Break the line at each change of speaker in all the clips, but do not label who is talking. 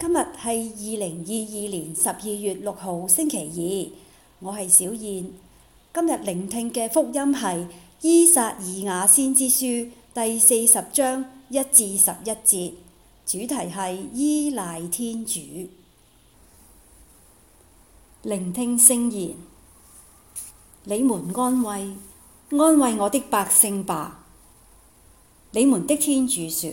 今日係二零二二年十二月六號星期二，我係小燕。今日聆聽嘅福音係《依撒意亞先知書》第四十章一至十一節，主題係依賴天主。聆聽聖言，你們安慰，安慰我的百姓吧。你們的天主說。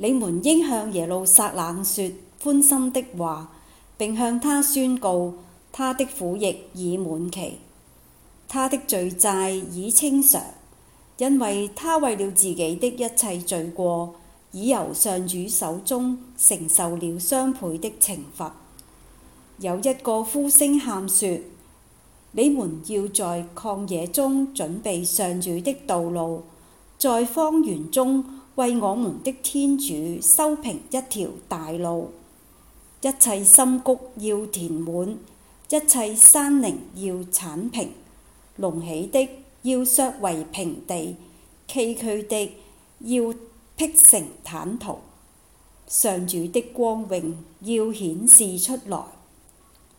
你們應向耶路撒冷說寬心的話，並向她宣告，她的苦役已滿期，她的罪債已清償，因為她為了自己的一切罪過，已由上主手中承受了雙倍的懲罰。有一個呼聲喊說：你們要在曠野中準備上主的道路，在荒原中。為我們的天主修平一條大路，一切深谷要填滿，一切山陵要剷平，隆起的要削為平地，崎嶇的要闢成坦途。上主的光榮要顯示出來，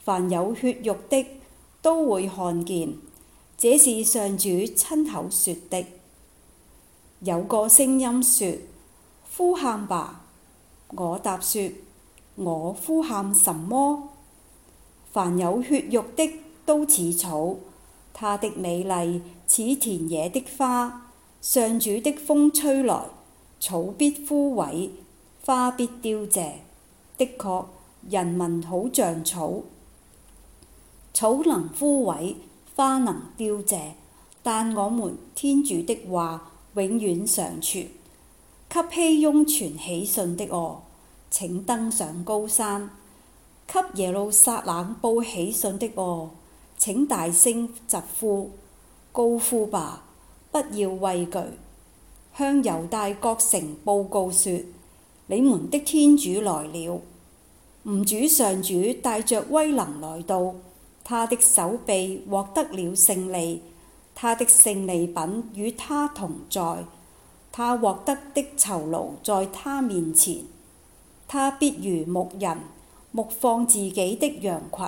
凡有血肉的都會看見。這是上主親口說的。有個聲音說：「呼喊吧！」我答說：「我呼喊什麼？凡有血肉的都似草，他的美麗似田野的花。上主的風吹來，草必枯萎，花必凋謝。的確，人民好像草，草能枯萎，花能凋謝。但我們天主的話……」永遠常存，給熙雍傳喜訊的哦！請登上高山，給耶路撒冷報喜訊的哦！請大聲疾呼、高呼吧！不要畏懼，向猶大各城報告說：你們的天主來了，吾主上主帶着威能來到，他的手臂獲得了勝利。他的勝利品與他同在，他獲得的酬勞在他面前，他必如牧人牧放自己的羊群，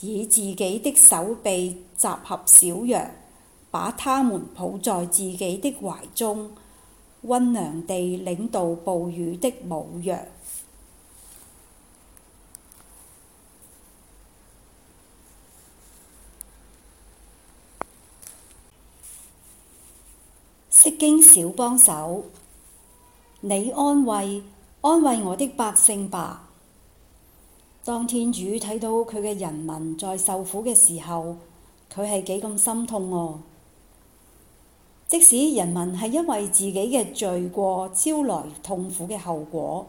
以自己的手臂集合小羊，把他們抱在自己的懷中，溫良地領導哺乳的母羊。釋經小幫手，你安慰，安慰我的百姓吧。當天主睇到佢嘅人民在受苦嘅時候，佢係幾咁心痛哦、啊。即使人民係因為自己嘅罪過招來痛苦嘅後果，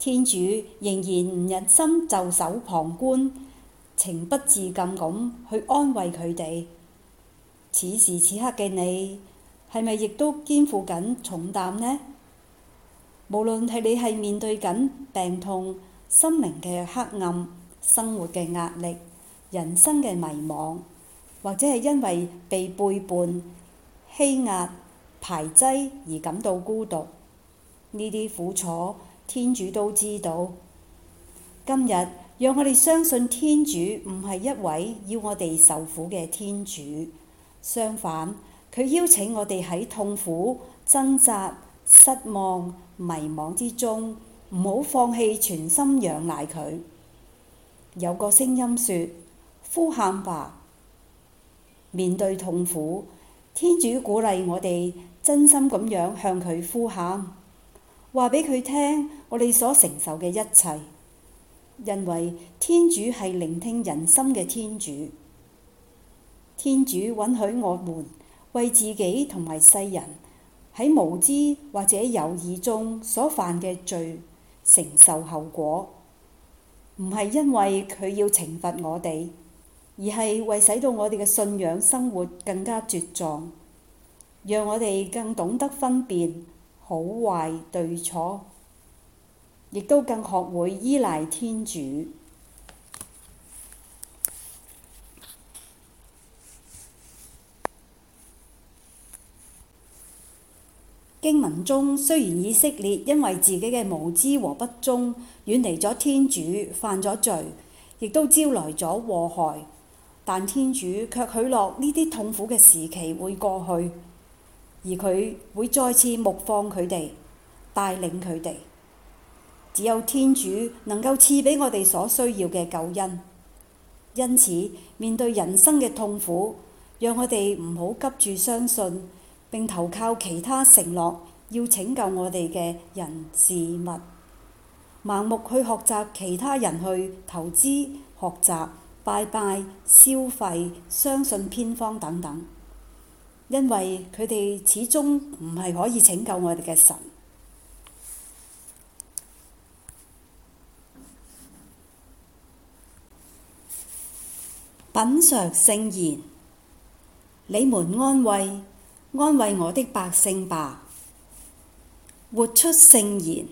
天主仍然唔忍心袖手旁觀，情不自禁咁去安慰佢哋。此時此刻嘅你。係咪亦都肩負緊重擔呢？無論係你係面對緊病痛、心靈嘅黑暗、生活嘅壓力、人生嘅迷茫，或者係因為被背叛、欺壓、排擠而感到孤獨，呢啲苦楚，天主都知道。今日，讓我哋相信天主唔係一位要我哋受苦嘅天主，相反。佢邀請我哋喺痛苦、掙扎、失望、迷茫之中，唔好放棄全心仰賴佢。有個聲音說：呼喊吧！面對痛苦，天主鼓勵我哋真心咁樣向佢呼喊，話俾佢聽我哋所承受嘅一切，因為天主係聆聽人心嘅天主。天主允許我們，為自己同埋世人喺無知或者有意中所犯嘅罪承受後果，唔係因為佢要懲罰我哋，而係為使到我哋嘅信仰生活更加茁壯，讓我哋更懂得分辨好壞對錯，亦都更學會依賴天主。經文中，雖然以色列因為自己嘅無知和不忠遠離咗天主，犯咗罪，亦都招來咗禍害，但天主卻許諾呢啲痛苦嘅時期會過去，而佢會再次牧放佢哋，帶領佢哋。只有天主能夠賜俾我哋所需要嘅救恩，因此面對人生嘅痛苦，讓我哋唔好急住相信，並投靠其他承諾要拯救我哋嘅人事物，盲目去學習其他人去投資、學習、拜拜、消費、相信偏方等等，因為佢哋始終唔係可以拯救我哋嘅神。品嚐聖言，你們安慰。安慰我的百姓吧！活出聖言。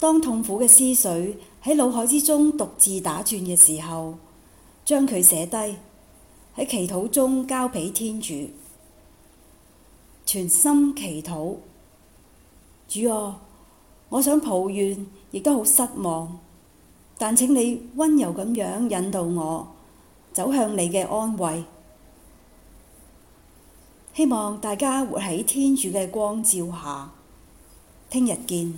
當痛苦嘅思緒喺腦海之中獨自打轉嘅時候，將佢寫低，喺祈禱中交俾天主，全心祈禱。主啊，我想抱怨，亦都好失望，但請你溫柔咁樣引導我走向你嘅安慰。希望大家活喺天主嘅光照下，聽日見。